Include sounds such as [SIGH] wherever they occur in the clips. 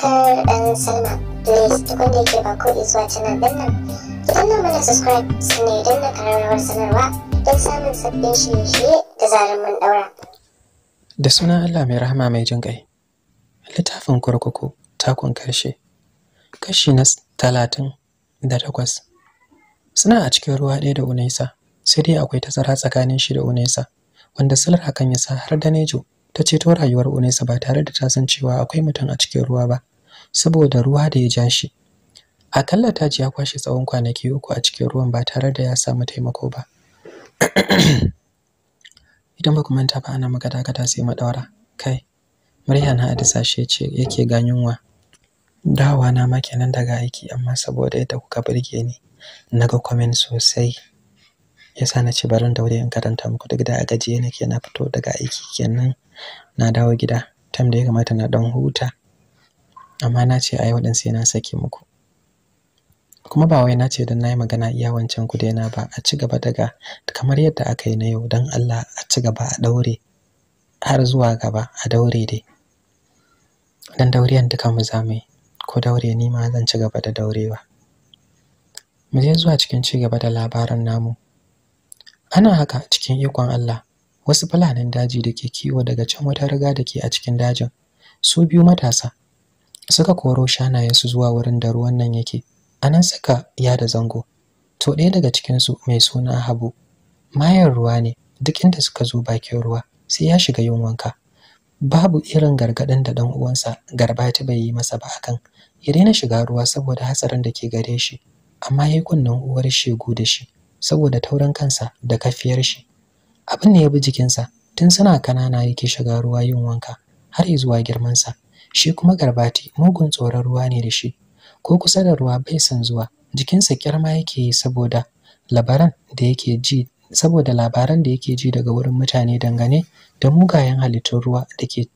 subscribe and sign up. Please ke ba ko subscribe sanarwa don samun da zarar sunan Allah mai rahama mai jin ƙai. Littafin kurkuku takon karshe. Kashi na talatin da takwas. Suna a cikin ruwa ɗaya da unesa, sai dai akwai tazara tsakanin shi da unesa, wanda sular hakan ya sa har Nejo ta ceto rayuwar unesa, ba tare da ta san cewa akwai mutum a cikin ruwa ba. saboda ruwa da ya ja shi akalla ji ya kwashe tsawon kwanaki uku a cikin ruwan ba tare da ya samu taimako ba [CLEARS THROAT] idan ba ku manta ba ana magada gada sai madaura kai murya na sashe ce yake ga yunwa dawa na ma kenan daga aiki amma saboda yadda kuka burge ni na ga comment sosai Ya sa na ce barin daure in karanta muku duk da a gajiye nake na fito daga aiki kenan na dawo gida tam da ya kamata na dan huta amma na ce ai waɗansu sai na sake muku kuma ba wai na ce don na yi magana iya wancan ku daina ba a ci gaba daga kamar yadda aka yi na yau don Allah a ci gaba a daure har zuwa gaba a daure dai Don dauriyan duka mu za ko daure ni ma zan ci gaba da daurewa mu je zuwa cikin ci gaba da labaran namu ana haka cikin ikon Allah wasu fulanin daji da ke kiwo daga can wata riga da ke a cikin dajin su biyu matasa suka koro shanayensu zuwa wurin da ruwan nan yake a nan suka yada zango to ɗaya daga cikinsu mai suna habu mayan ruwa ne duk inda suka zo bakin ruwa sai ya shiga yin wanka babu irin gargaɗin da ɗan uwansa garbati bai yi masa ba akan ya daina shiga ruwa saboda hatsarin da ke gare shi amma ya yi kunnen uwar shegu da shi saboda taurin kansa da kafiyar shi abin ne ya bi jikinsa tun suna kanana yake shiga ruwa yin wanka har zuwa girmansa Shi kuma garbati mugun tsoron ruwa ne da shi, ko kusa da ruwa bai san zuwa, jikinsa ƙyarma yake yi saboda labaran da yake ji saboda labaran da yake ji daga wurin mutane dangane da mugayen halittun ruwa da ke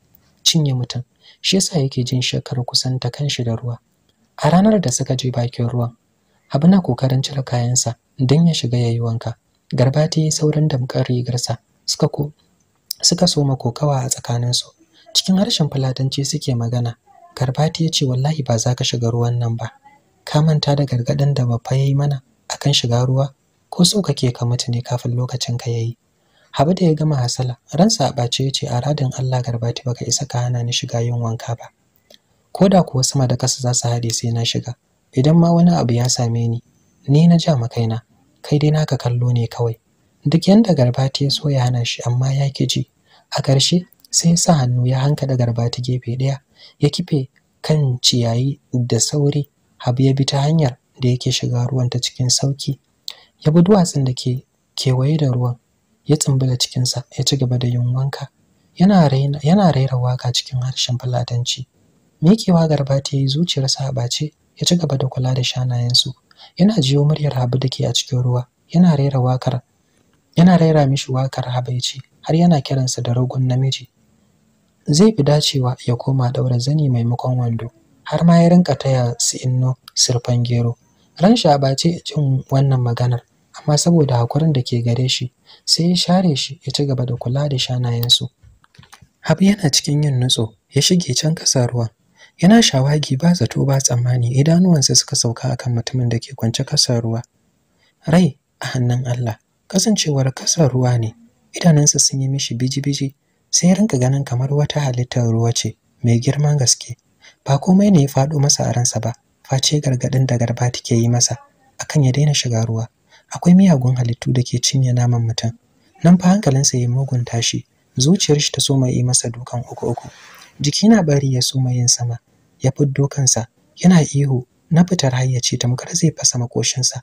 cinye mutum. Shi yasa yake jin shakkar kusanta kanshi da ruwa. A ranar da suka je bakin ruwan, abu na kokarin cire kayansa don ya shiga ya yi wanka. Garbati ya yi saurin damkar rigarsa suka ko suka soma kokawa a tsakaninsu. cikin harshen fulatanci suke magana garbati ya ce wallahi ba za ka shiga ruwan nan ba ka manta da gargaɗin da babba ya yi mana akan shiga ruwa ko so kake ka mutu ne kafin lokacin ka yayi habu da ya gama hasala ransa a ɓace ya ce a radin allah garbati ka isa ka hana ni shiga yin wanka ba ko da kuwa sama da kasa za su haɗe sai na shiga idan ma wani abu ya same ni ni na ja ma kaina kai dai naka kallo ne kawai duk yanda garbati ya so ya hana shi amma ya ki ji a ƙarshe sai sa hannu ya da garba ta gefe ɗaya ya kife kan ciyayi da sauri habu ya bi ta hanyar da yake shiga ruwan ta cikin sauki ya bi duwatsun da ke kewaye da ruwan ya tsumbula cikinsa ya ci gaba da yin wanka yana raira waka cikin harshen fulatanci wa garba ta yi zuciyarsa a bace ya ci gaba da kula da shanayensu yana jiyo muryar habu da ke a cikin ruwa yana raira waƙar yana raira mishi wakar habaici har yana kiransa da ragon namiji zai fi dacewa ya koma ɗaura zani maimakon wando har ma ya rinka taya su inno sirfan gero ran shi ce cin wannan maganar amma saboda hakurin da ke gare shi sai ya share shi ya ci gaba da kula da shanayensu habu yana cikin yin nutso ya shige can kasa ruwa yana shawagi ba zato ba tsammani idanuwansa suka sauka akan mutumin da ke kwance kasa ruwa rai a hannun Allah kasancewar kasa ruwa ne idanunsa sun yi mishi biji-biji sai rinka ganin kamar wata halittar ruwa ce mai girman gaske ba komai ne ya faɗo masa a ransa ba face gargaɗin da garba take yi masa akan ya daina shiga ruwa akwai miyagun halittu da ke cinye naman mutum nan fa hankalinsa ya mugun tashi zuciyar shi ta soma yi masa dukan uku uku jiki na bari ya soma yin sama ya fi dukansa. yana ihu na fitar hayyace tamkar zai fasa makoshinsa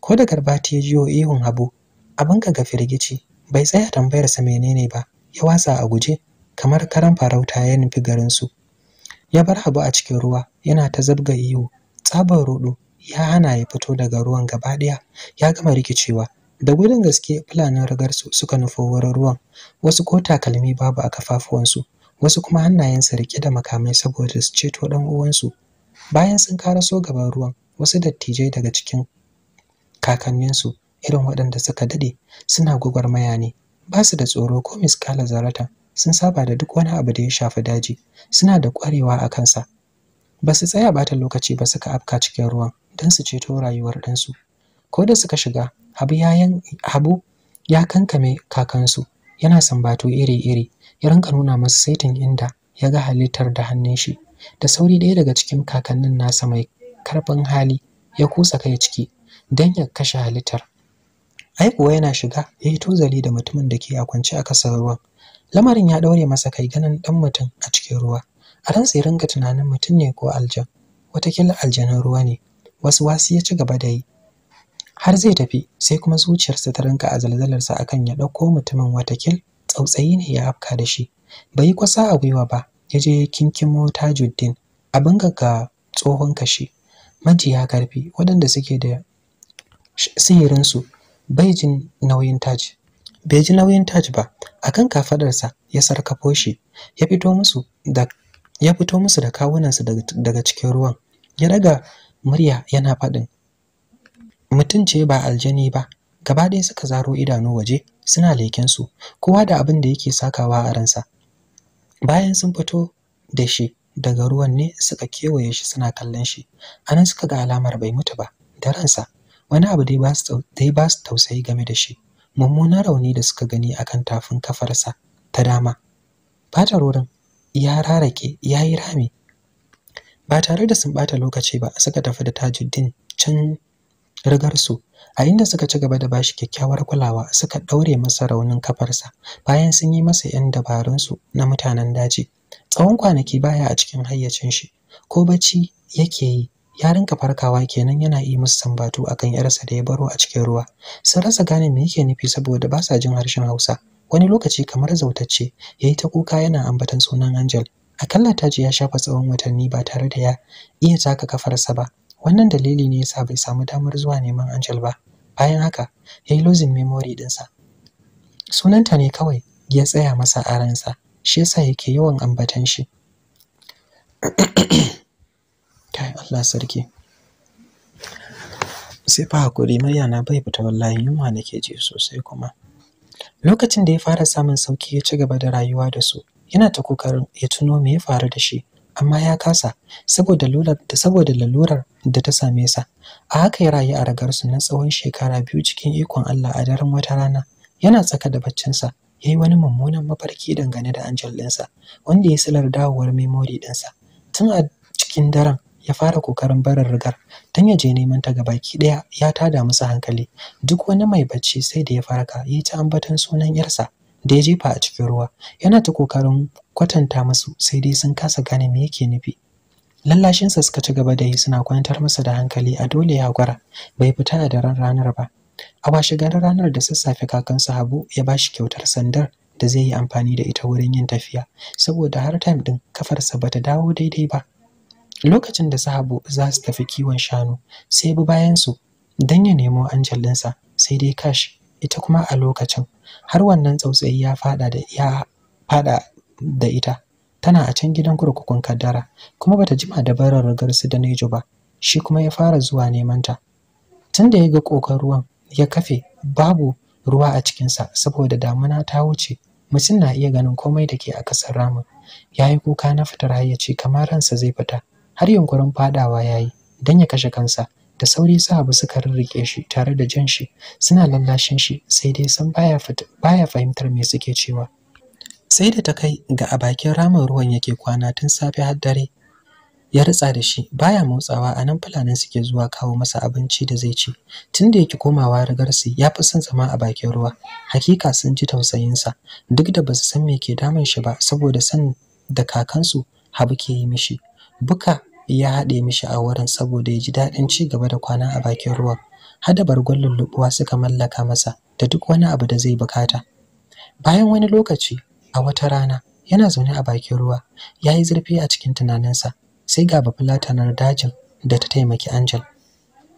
ko da ta ya jiyo ihun habu abin ka ga firgici bai tsaya tambayarsa menene ba ya watsa a guje kamar karan farauta ya nufi garinsu ya bar habu a cikin ruwa yana ta zabga iyo tsabar rudu ya hana ya fito daga ruwan gaba ɗaya ya gama rikicewa da gudun gaske fulanin ragarsu suka nufo wurin ruwan wasu ko takalmi babu a kafafuwansu wasu kuma hannayensu rike da makamai saboda su ceto ɗan uwansu bayan sun karaso gaban ruwan wasu dattijai daga cikin kakanninsu irin waɗanda suka daɗe suna gwagwarmaya ne ba su da tsoro ko miskala zarata. sun saba da duk wani abu da ya shafi daji suna da ƙwarewa a kansa ba su tsaya bata lokaci ba suka afka cikin ruwan don su ceto rayuwar ɗansu ko da suka shiga habu ya, habu ya kankame kakansu yana sambato iri-iri ya rinka nuna masu saitin inda ya ga halittar da hannun shi da sauri ɗaya daga cikin kakannin nasa mai karfin hali ya kusa kai ciki don ya kashe halittar ai kuwa yana shiga ya yi tozali da mutumin da ke a kwance a kasar ruwan lamarin ya daure masa kai ganin dan mutum a cikin ruwa a ran ya ringa tunanin mutum ne ko aljan watakila aljanin ruwa ne wasu wasu ya ci gaba da yi har zai tafi sai kuma zuciyarsa ta rinka a zalzalarsa akan ya ɗauko mutumin watakil tsautsayi ne ya afka da shi bai yi kwasa a gwiwa ba ya je kinkimo tajuddin abin ga tsohon kashi majiya karfi waɗanda suke da sihirinsu bai jin nauyin taji bai ji nauyin taji ba akan kafadarsa ya sarkafo shi ya fito musu da kawunansa daga cikin ruwan ya daga murya yana faɗin mutum ce ba aljani ba gaba ɗaya suka zaro idanu waje suna lekensu kowa da abin da yake sakawa a ransa bayan sun fito da shi daga ruwan ne suka kewaye shi suna kallon shi anan suka ga alamar bai mutu ba da ransa wani abu dai ba su tausayi game da shi mummunan rauni da suka gani akan tafin kafarsa ta dama fatar wurin ya rarake ya yi rami ba tare da sun bata lokaci ba suka tafi da tajuddin can rigarsu a inda suka ci gaba da bashi kyakkyawar kulawa suka ɗaure masa raunin kafarsa bayan sun yi masa 'yan dabarunsu na mutanen daji tsawon kwanaki baya a cikin hayyacin shi ko bacci yake yi ya rinka farkawa kenan yana yi musu sambatu akan yarsa da ya baro a cikin ruwa sun rasa gane me yake nufi saboda ba sa jin harshen hausa wani lokaci kamar zautacce ya yi ta kuka yana ambatan sunan angel akalla ji ya shafa tsawon watanni ba tare da ya iya taka kafarsa ba wannan dalili ne yasa bai samu damar zuwa neman angel ba bayan haka ya yi losing memory dinsa sunanta ne kawai ya tsaya masa a ransa shi yasa yake yawan ambatan shi [CLEARS THROAT] kai Allah sarki sai fa hakuri Maryam na bai fita wallahi yunwa nake ji sosai kuma lokacin da ya fara samun sauki ya ci gaba da rayuwa da su yana ta kokarin ya tuno me ya faru da shi amma ya kasa saboda lalurar da saboda lalurar da ta same sa a haka ya rayu a ragarsu na tsawon shekara biyu cikin ikon Allah a daren wata rana yana tsaka da baccin ya yi wani mummunan mafarki dangane da angel ɗinsa wanda ya silar dawowar memori ɗinsa tun a cikin daren ya fara kokarin barin rigar don ya je neman ta gabaki ɗaya ya tada musu hankali duk wani mai bacci sai da ya farka ya ta ambatan sunan yarsa da ya jefa a cikin ruwa yana ta kokarin kwatanta musu sai dai sun kasa gane me yake nufi lallashinsa suka ci gaba da yi suna kwantar masa da hankali a dole ya gwara. bai fita a daren ranar ba a washe garin ranar da sassafe kakansa habu ya ba shi kyautar sandar da zai yi amfani da ita wurin yin tafiya saboda har time din kafarsa bata dawo daidai ba lokacin da sahabu za su tafi kiwon shanu sai bi bayansu don ya nemo anjalinsa sai dai kashi. ita kuma a lokacin har wannan tsautsayi ya fada da ita tana a can gidan kurkukun kaddara kuma bata jima da barar rigar su da nejo ba shi kuma ya fara zuwa neman ta tunda ya ga kokar ruwan ya kafe babu ruwa a cikinsa saboda damuna ta wuce mutum na iya ganin komai da ke a kasar ramin ya yi kuka na fitar ce, kamar ransa zai fita har yunkurin faɗawa ya yi don ya kashe kansa da sauri Habu suka rirrike shi tare da jan shi suna lallashin shi sai dai san baya fahimtar me suke cewa sai da ta kai ga a bakin ramin ruwan yake kwana tun safe har dare ya ritsa da shi baya motsawa a nan fulanin suke zuwa kawo masa abinci da zai ci tun da yake komawa rigar su ya fi son zama a bakin ruwa hakika sun ji tausayinsa duk da ba su san me ke damun shi ba saboda san da kakansu habu ke yi mishi buka ya haɗe mishi a wurin saboda ya ji daɗin ci gaba da kwana a bakin ruwan. Hada bargon lulluɓuwa suka mallaka masa da duk wani abu da zai bukata. Bayan wani lokaci, a wata rana, yana zaune a bakin ruwa, ya yi zurfi a cikin tunaninsa, sai ga bafulatanar dajin da ta taimaki Angel.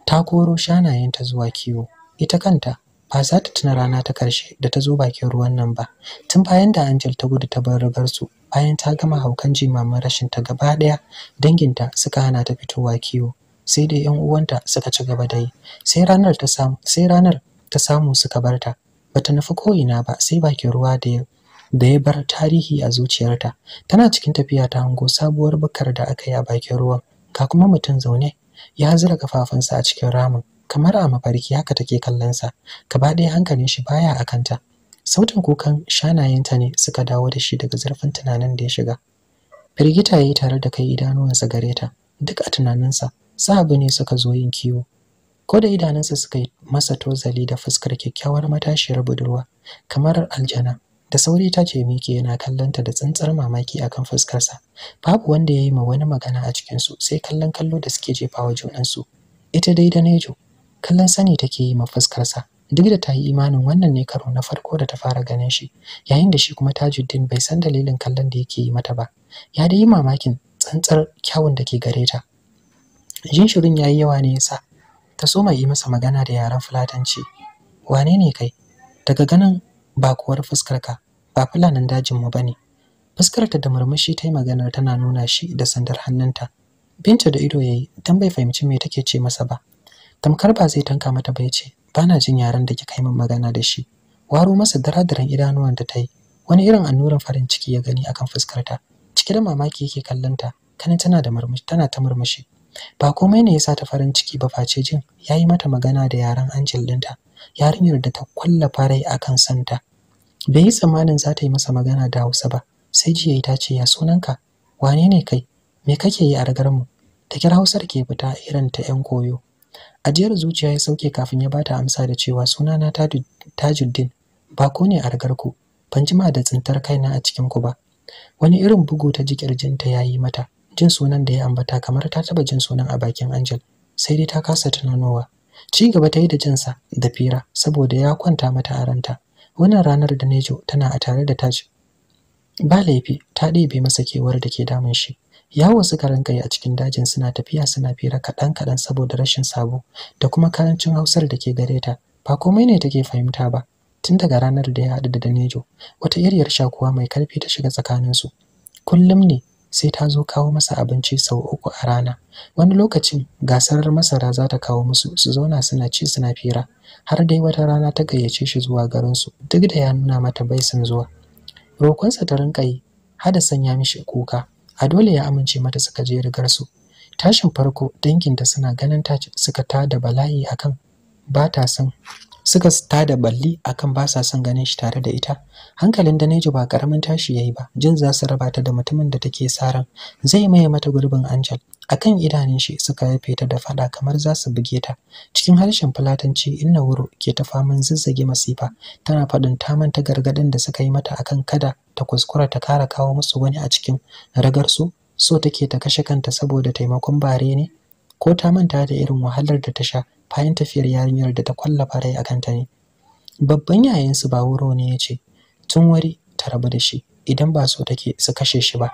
Ta koro shanayenta zuwa kiwo, ita kanta ba za ta tuna rana ta ƙarshe da ta zo bakin ruwan nan ba, tun bayan da Angel ta gudu ta bar rigarsu bayan ta gama haukan jimamin rashin ta gaba ɗaya danginta suka hana ta fitowa kiwo sai dai yan uwanta suka ci gaba da yi sai ranar ta samu sai ranar ta samu suka bar ta bata nufi ko ina ba sai bakin ruwa da ya da ya bar tarihi a zuciyarta tana cikin tafiya ta hango sabuwar bukar da aka yi a bakin ruwan ga kuma mutum zaune ya zura kafafunsa a cikin ramin kamar a mafarki haka take kallonsa gaba ɗaya hankalin shi baya a kanta sautin kukan shanayenta ne suka dawo da shi daga zurfin tunanin da ya shiga firgita ya yi tare da kai idanuwansa gare ta duk a tunaninsa sa abu ne suka zo yin kiwo ko da idanunsa suka yi masa tozali da fuskar kyakkyawar matashiyar budurwa kamar aljana da sauri ta ce miki yana kallonta da tsantsar mamaki akan fuskarsa babu wanda ya yi ma wani magana a cikinsu sai kallon kallo da suke jefawa junansu ita dai da nejo kallon sani take yi ma fuskarsa duk da ta yi imanin wannan ne karo na farko da ta fara ganin shi yayin da shi kuma tajuddin bai san dalilin kallon da yake yi mata ba ya dai yi mamakin tsantsar kyawun da ke gare ta jin shirin ya yi yawa ne yasa ta soma yi masa magana da yaren fulatanci wane ne kai daga ganin bakuwar fuskarka ba fulanin mu ba ne fuskarta da murmushi ta yi maganar tana nuna shi da sandar hannunta binta da ido ya yi don bai fahimci me take ce masa ba tamkar ba zai tanka mata ya ce bana jin yaren da kika yi min magana da shi waro masa daradaran da ta yi wani irin annurin farin ciki ya gani akan fuskarta cike da mamaki yake kallon ta kanin tana da murmushi tana ta murmushi ba komai ne yasa ta farin ciki ba face jin yayi mata magana da yaren Angel dinta yarinyar da ta kwallafa farai akan santa bai yi tsammanin za ta yi masa magana da Hausa ba sai jiya ta ce ya sunanka wane ne kai me kake yi a ragar mu da kira Hausar ke fita irin ta yan koyo ajiyar zuciya ya sauke kafin ya bata amsa da cewa sunana tajuddin bako ne a ragarku ban jima da tsintar kaina a cikin ku ba wani irin bugu ta ji kirjinta ya yi mata jin sunan da ya ambata kamar ta taba jin sunan a bakin angel sai dai ta kasa tunanowa ci gaba ta yi da jinsa da fira saboda ya kwanta mata a ranta wannan ranar da nejo tana a tare da taj ba laifi ta ɗebe masa kewar da ke damun shi yawo suka rinka yi a cikin dajin suna tafiya suna fira kaɗan kaɗan saboda rashin sabo da kuma karancin hausar da ke gare ta ba komai ne take fahimta ba tun daga ranar da ya haɗu da danejo wata iriyar shakuwa mai karfi ta shiga tsakaninsu kullum ne sai ta zo kawo masa abinci sau uku a rana wani lokacin gasar masara za ta kawo musu su zauna suna ci suna fira har dai wata rana ta gayyace shi zuwa garinsu duk da ya nuna mata bai sun zuwa roƙonsa ta rinka yi hada sanya mishi kuka a dole ya amince mata suka je rigar su, tashin farko danginta suna ganin ta suka tada bala'i akan ba ta san. suka tada balli akan ba sa son ganin shi tare da ita hankalin da ba karamin tashi yayi ba jin za su raba ta da mutumin da take saran zai maye mata gurbin Angel akan idanun shi suka yafe ta da fada kamar za su buge ta cikin harshen fulatanci inna wuro ke ta faman zazzage masifa tana faɗin ta manta gargadin da suka yi mata akan kada ta kuskura ta kara kawo musu wani a cikin ragar su so take ta kashe kanta saboda taimakon bare ne ko ta manta da irin wahalar da ta sha bayan tafiyar yarinyar da ta kwallafa rai a kanta ne babban yayansu ba wuro ne ya ce tun wari ta rabu da shi idan ba so take su kashe shi ba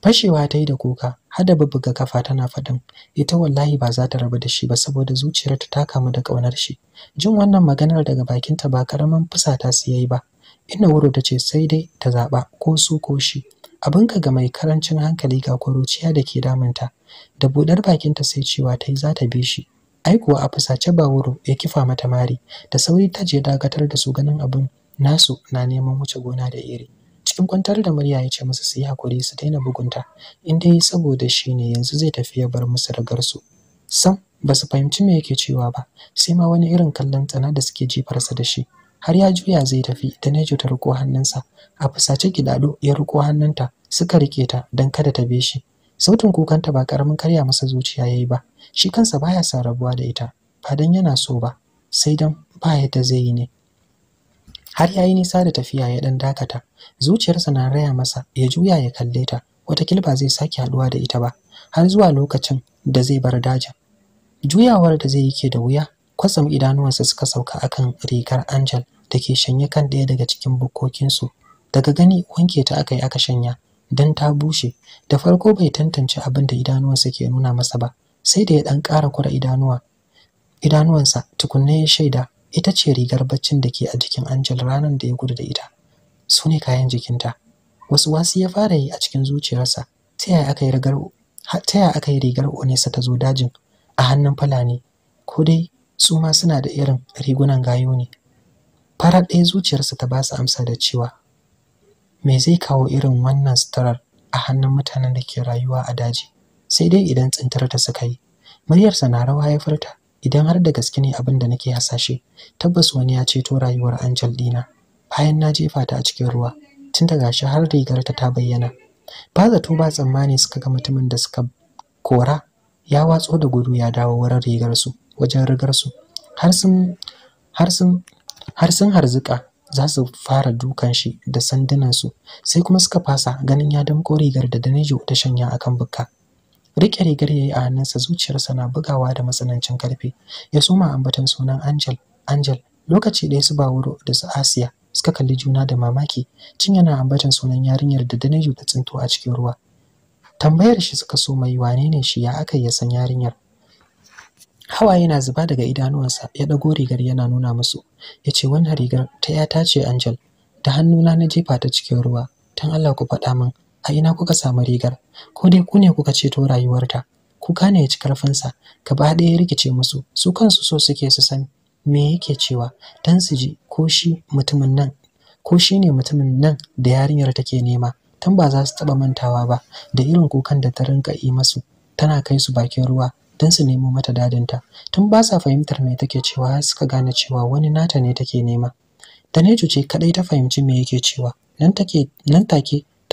fashewa ta yi da kuka hada bubbuga kafa tana faɗin ita wallahi ba za ta rabu da shi ba saboda zuciyarta ta kamu da ƙaunar shi jin wannan maganar daga bakinta ba karamin fusata su yayi ba ina wuro ta ce sai dai ta zaɓa ko su ko shi Abin ka ga mai karancin hankali ga kwaruciya da ke damunta da buɗar bakinta sai cewa ta yi za ta bi shi ai kuwa a fusace ba wuro ya kifa mata mari da sauri ta je dakatar da su ganin abin nasu na neman wuce gona da iri cikin kwantar da murya ya ce musu su yi hakuri su daina bugunta in dai saboda shi ne yanzu zai tafi ya bar musu ragarsu sam ba su fahimci me yake cewa ba sai ma wani irin kallon tsana da suke jifarsa da shi har ya juya zai tafi ta ne ta riko hannunsa a fusace gidado ya riko hannunta suka rike ta don kada ta be shi sautin kukanta ba karamin karya masa zuciya ya yi ba shi kansa baya sa rabuwa da ita ba dan yana so ba sai dan ba yadda zai yi ne har yayi nisa da tafiya ya dan dakata zuciyarsa na raya masa ya juya ya kalle ta wata ba zai sake haduwa da ita ba har zuwa lokacin da zai bar dajin juyawar da zai yi ke da wuya kwatsam idanuwansa suka sauka akan rigar Angel da shanye kan ɗaya daga cikin bukkokinsu daga gani wanke ta aka yi aka shanya don ta bushe da farko bai tantance abin da idanuwansa ke nuna masa ba sai da ya ɗan ƙara kura idanuwa idanuwansa tukunna ya shaida ita ce rigar baccin da ke a jikin Angel ranar da ya gudu da ita su ne kayan jikinta wasu wasu ya fara yi a cikin zuciyarsa ta yaya aka yi rigar ta onesa ta zo dajin a hannun fulani ko dai su ma suna da irin rigunan gayo ne farar ɗaya zuciyarsa ta ba su amsa da cewa me zai kawo irin wannan sutarar a hannun mutanen da ke rayuwa a daji sai dai idan tsintar ta suka yi muryarsa na rawa ya furta idan har da gaske ne abin da nake hasashe tabbas wani ya ceto rayuwar Angel dina bayan na jefa ta a cikin ruwa tun daga shi har rigarta ta bayyana ba zato ba tsammani suka ga mutumin da suka kora ya watso da gudu ya dawo wurin rigarsu wajen rigarsu har sun har sun har sun harzuka za su fara dukan shi da sandunansu sai kuma suka fasa ganin ya damƙo rigar da Danejo ta shanya a kan bukka rike rigar yayi a hannunsa zuciyarsa na bugawa da matsanancin karfi ya soma ambaton sunan Angel Angel lokaci ɗaya su Bawuro da su Asiya suka kalli juna da mamaki cin yana ambaton sunan yarinyar da Danejo ta tsinto a cikin ruwa tambayar shi suka so mai wane ne shi ya aka ya san yarinyar hawaye na zuba daga idanuwansa ya ɗago rigar yana nuna musu ya ce wannan rigar ta ya tace angel da hannuna na jefa ta cikin ruwa Tun allah ku faɗa min a ina kuka samu rigar ko dai ku ne kuka ceto rayuwarta kuka ne ya ci karfinsa gaba ɗaya ya rikice musu su kansu so suke su san me yake cewa don su ji ko shi mutumin nan ko shi ne mutumin nan da yarinyar take nema tan ba za su taɓa mantawa ba da irin kukan da ta rinka yi masu tana kai su bakin ruwa don su nemo mata dadinta tun ba sa fahimtar me take cewa suka gane cewa wani nata ne take nema Tanejo ce kadai ta fahimci me yake cewa nan take nan ta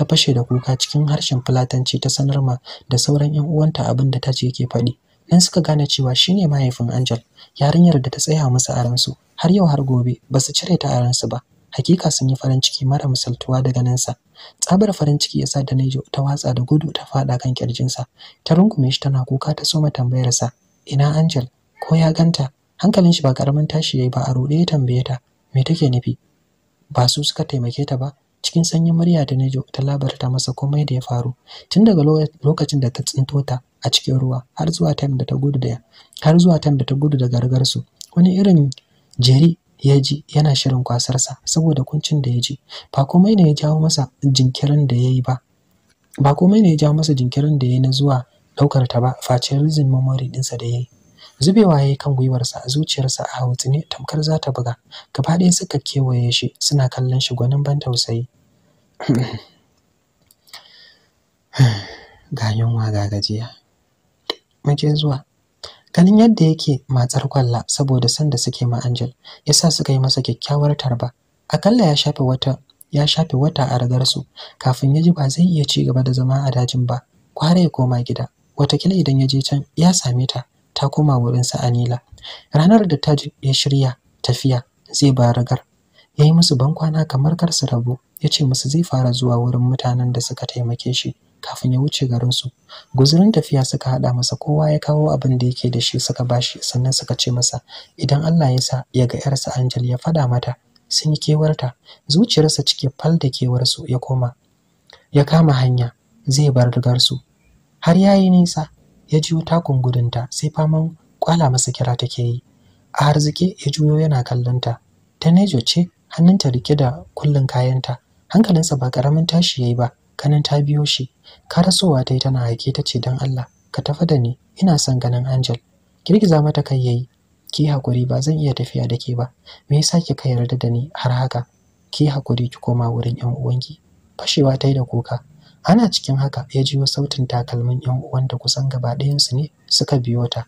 fashe da kuka cikin harshen fulatanci ta sanar ma da sauran yan uwanta abin da tace yake faɗi nan suka gane cewa shine mahaifin Angel yarinyar da ta tsaya musu a ransu har yau har gobe ba su cire ta a ransu ba hakika sun yi farin ciki mara misaltuwa da sa. tsabar farin ciki ya sa da naijo ta watsa da gudu ta faɗa kan kirjinsa ta rungume shi tana kuka ta soma sa. ina angel ko ya ganta hankalin shi ba karamin tashi yayi ba a ruɗe ya tambaye ta me take nufi ba su suka taimake ta ba cikin sanyin murya da Nejo ta labarta masa komai da ya faru tun daga lokacin da ta tsinto ta a cikin ruwa har zuwa time da ta gudu da har zuwa time da ta gudu daga rigar wani irin jeri ya ji yana shirin kwasarsa saboda kuncin da ya ji ba komai ne ya jawo masa jinkirin da ya yi ba ba komai ne ya jawo masa jinkirin da ya yi na zuwa ɗaukar ta ba face rizin memory ɗinsa da ya yi zubewa ya yi kan gwiwarsa zuciyarsa a hautu ne tamkar za ta buga gaba ɗaya suka kewaye shi suna kallon shi gwanin ban tausayi [SIGHS] ga yunwa ga gajiya mace zuwa ganin yadda yake matsar kwalla saboda sanda suke ma Angel yasa suka yi masa kyakkyawar tarba akalla ya shafe wata ya shafe wata a ragarsu kafin ya ji ba zai iya ci gaba da zama a dajin ba kware ya koma gida watakila idan ya je can ya same ta ta koma wurin sa Anila ranar da ta ya shirya tafiya zai ba ragar ya yi musu bankwana kamar kar su rabu ya ce musu zai fara zuwa wurin mutanen da suka taimake shi kafin ya wuce garinsu guzurin tafiya suka haɗa masa kowa ya kawo abin da yake da shi suka bashi sannan suka ce masa idan Allah ya sa ya ga yarsa Angel ya faɗa mata sun yi kewarta zuciyarsa cike fal da kewarsu ya koma ya kama hanya zai bar rigarsu har ya yi nisa ya ji wuta gudunta sai faman kwala masa kira take yi a harzike ya juyo yana kallonta ta nejo ce hannunta rike da kullun kayanta hankalinsa ba karamin tashi yayi ba ganin ta biyo shi ka rasowa ta yi tana haike ta ce don Allah ka tafi da ni ina son ganin Angel girgiza mata kai yayi ki hakuri ba zan iya tafiya da ke ba me yasa kika yarda da ni har haka ki hakuri ki koma wurin yan uwanki fashewa ta yi da kuka ana cikin haka ya jiyo sautin takalmin yan uwan da kusan gaba ɗayansu ne suka biyo ta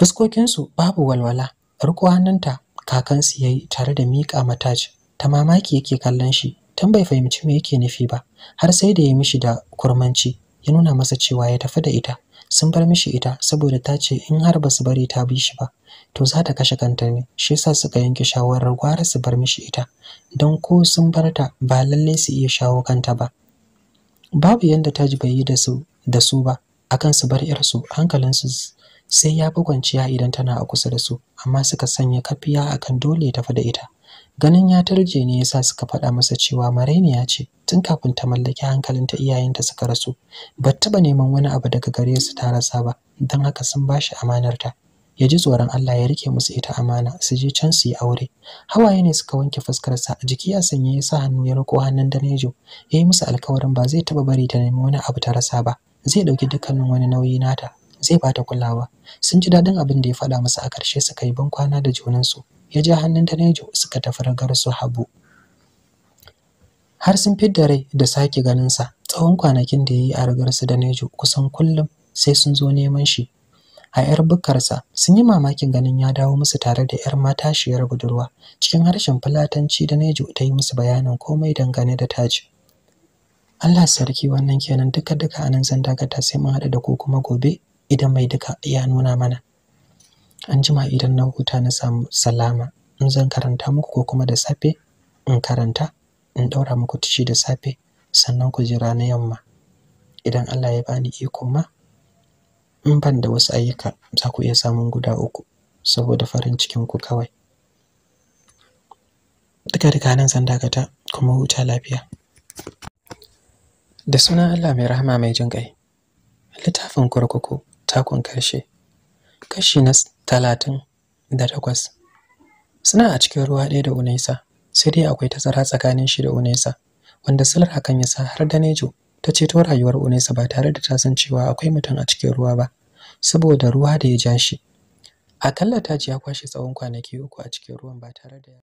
fuskokinsu babu walwala riko hannunta kakansu ya yi tare da miƙa mataci ta mamaki yake kallon shi Tan bai fahimci me yake nufi ba har sai da ya mishi da kurmanci ya nuna masa cewa ya tafi da ita sun bar mishi ita saboda ta ce in har ba su bari ta bi shi ba to za ta kashe kanta ne shi yasa suka yanke shawarar gwara su bar mishi ita don ko sun bar ta ba lalle su iya shawo kanta ba babu yanda ta ji bai yi da su da su ba akan su bar irsu hankalinsu sai ya bi kwanciya idan tana a kusa da su amma suka sanya kafiya akan dole ya tafi da ita ganin ya tarje ne yasa suka faɗa masa cewa marainiya ce tun kafin ta mallaki hankalin ta iyayenta suka rasu ba taɓa neman wani abu daga gare su ta rasa ba don haka sun ba shi amanarta ya ji tsoron Allah ya rike musu ita amana su je can su yi aure hawaye ne suka wanke fuskarsa jiki a sanye ya sa hannu ya riko hannun danejo ya yi musu alkawarin ba zai taɓa bari ta nemi wani abu ta rasa ba zai ɗauki dukkanin wani nauyi nata zai bata kulawa sun ji daɗin abin da ya faɗa musu a ƙarshe suka yi ban kwana da junansu ya ja hannun ta Nejo suka tafi ragar su Habu. Har sun fidda rai da sake ganinsa tsawon kwanakin da ya yi a ragar su da Nejo kusan kullum sai sun zo neman shi. A 'yar bukkarsa sun yi mamakin ganin ya dawo musu tare da 'yar matashiyar budurwa cikin harshen Fulatanci da Nejo ta yi musu bayanin komai dangane da taji. Allah sarki wannan kenan duka duka anan zan dakata sai mun haɗu da ku kuma gobe idan mai duka ya nuna mana. an jima idan na huta na samu salama in zan karanta muku ko kuma da safe in karanta in ɗaura muku tishi da safe sannan ku jira na yamma idan Allah ya bani iko ma in ban da wasu ayyuka za ku iya samun guda uku saboda farin cikin ku kawai duka duka nan zan dakata kuma huta lafiya da sunan Allah mai rahama mai jin ƙai littafin kurkuku takon karshe kashi na talatin da takwas suna a cikin ruwa ɗaya da unesa, sai dai akwai tazara tsakanin shi da unesa, wanda silar hakan ya sa har nejo ta ceto rayuwar unesa ba tare da ta san cewa akwai mutum a cikin ruwa ba saboda ruwa da ya ja shi akalla ta ji ya kwashe tsawon kwanaki uku a cikin ruwan ba tare da ya